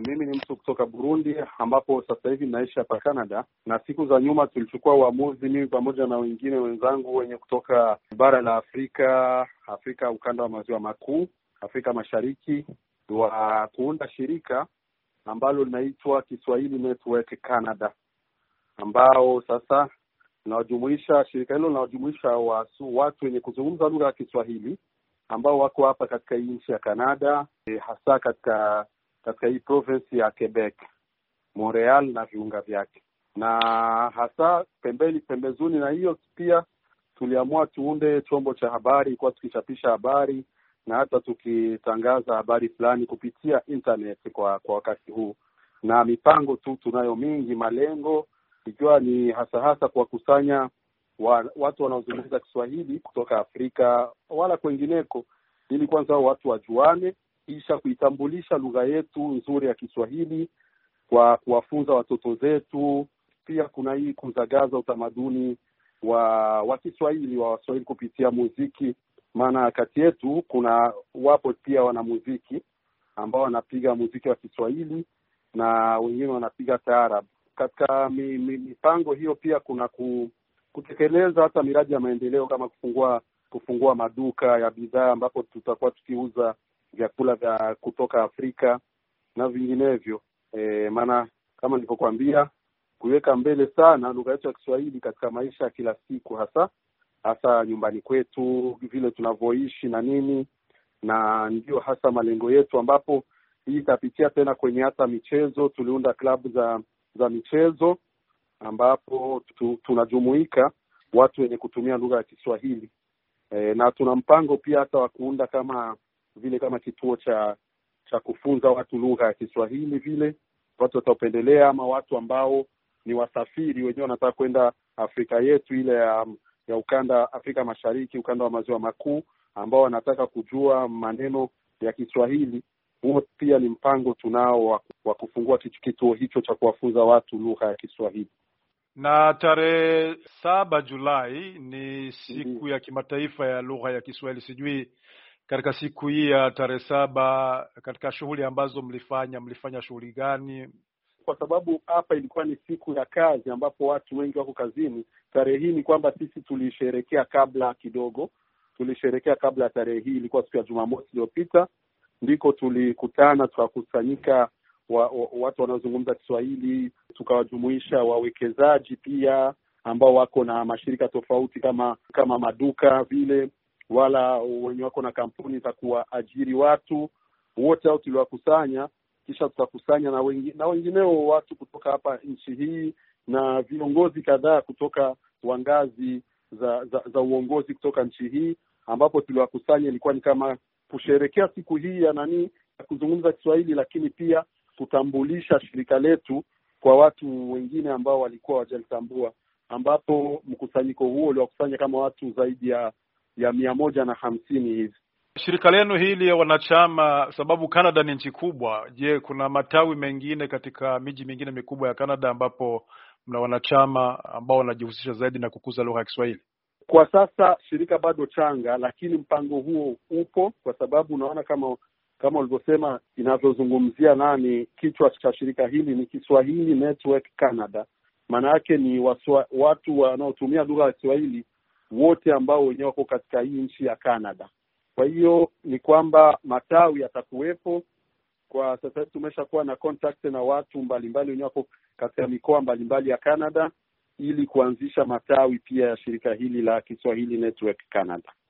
Mimi ni mtu kutoka Burundi ambapo sasa hivi naishi hapa Canada, na siku za nyuma tulichukua uamuzi, mimi pamoja na wengine wenzangu wenye kutoka bara la Afrika, Afrika ukanda wa maziwa makuu, Afrika Mashariki, wa kuunda shirika ambalo linaitwa Kiswahili Network Canada, ambao sasa linawajumuisha, shirika hilo linawajumuisha watu wenye kuzungumza lugha ya Kiswahili ambao wako hapa katika hii nchi ya Canada, e, hasa katika katika hii province ya Quebec, Montreal na viunga vyake, na hasa pembeni pembezuni na hiyo pia tuliamua tuunde chombo cha habari kwa tukichapisha habari na hata tukitangaza habari fulani kupitia internet kwa kwa wakati huu, na mipango tu tunayo mingi, malengo ikiwa ni hasa hasa kuwakusanya wa, watu wanaozungumza Kiswahili kutoka Afrika wala kwengineko, ili kwanza watu wajuane kisha kuitambulisha lugha yetu nzuri ya Kiswahili kwa kuwafunza watoto zetu. Pia kuna hii kuzagaza utamaduni wa wa Kiswahili wa Waswahili kupitia muziki, maana kati yetu kuna wapo pia wanamuziki ambao wanapiga muziki wa Kiswahili na wengine wanapiga taarabu. Katika mi, mi, mipango hiyo pia kuna ku, kutekeleza hata miradi ya maendeleo kama kufungua kufungua maduka ya bidhaa ambapo tutakuwa tukiuza vyakula vya kutoka Afrika na vinginevyo. E, maana kama nilivyokuambia kuiweka mbele sana lugha yetu ya Kiswahili katika maisha ya kila siku, hasa hasa nyumbani kwetu vile tunavyoishi na nini, na ndio hasa malengo yetu, ambapo hii itapitia tena kwenye hata michezo. Tuliunda klabu za za michezo ambapo tu, tunajumuika watu wenye kutumia lugha ya Kiswahili e, na tuna mpango pia hata wa kuunda kama vile kama kituo cha cha kufunza watu lugha ya Kiswahili, vile watu wataopendelea, ama watu ambao ni wasafiri wenyewe wanataka kwenda Afrika yetu ile ya ya ukanda Afrika Mashariki, ukanda wa maziwa makuu, ambao wanataka kujua maneno ya Kiswahili. Huo pia ni mpango tunao wa kufungua kituo hicho cha kuwafunza watu lugha ya Kiswahili. Na tarehe saba Julai ni siku mm-hmm. ya kimataifa ya lugha ya Kiswahili. Sijui katika siku hii ya tarehe saba, katika shughuli ambazo mlifanya, mlifanya shughuli gani? Kwa sababu hapa ilikuwa ni siku ya kazi ambapo watu wengi wako kazini. Tarehe hii ni kwamba sisi tulisherekea kabla kidogo, tulisherekea kabla ya tarehe hii, ilikuwa siku ya Jumamosi iliyopita, ndiko tulikutana tukakusanyika wa, wa, watu wanaozungumza Kiswahili, tukawajumuisha wawekezaji pia ambao wako na mashirika tofauti kama kama maduka vile wala wenye wako na kampuni za kuwaajiri watu wote hao tuliwakusanya, kisha tutakusanya na wengi, na wengineo watu kutoka hapa nchi hii na viongozi kadhaa kutoka wa ngazi za, za za uongozi kutoka nchi hii, ambapo tuliwakusanya ilikuwa ni kama kusherekea siku hii ya nani ya kuzungumza Kiswahili, lakini pia kutambulisha shirika letu kwa watu wengine ambao walikuwa wajalitambua, ambapo mkusanyiko huo uliwakusanya kama watu zaidi ya ya mia moja na hamsini hivi. Shirika lenu hili ya wanachama, sababu Canada ni nchi kubwa, je, kuna matawi mengine katika miji mingine mikubwa ya Canada ambapo mna wanachama ambao wanajihusisha zaidi na kukuza lugha ya Kiswahili? Kwa sasa shirika bado changa, lakini mpango huo upo, kwa sababu unaona kama kama ulivyosema, inavyozungumzia nani, kichwa cha shirika hili ni Kiswahili Network Canada. Maana yake ni waswa, watu wanaotumia lugha ya Kiswahili wote ambao wenyewe wako katika hii nchi ya Canada. Kwa hiyo ni kwamba matawi yatakuwepo. Kwa sasa hivi tumeshakuwa na contact na watu mbalimbali wenyewe wako katika mikoa mbalimbali ya Canada ili kuanzisha matawi pia ya shirika hili la Kiswahili Network Canada.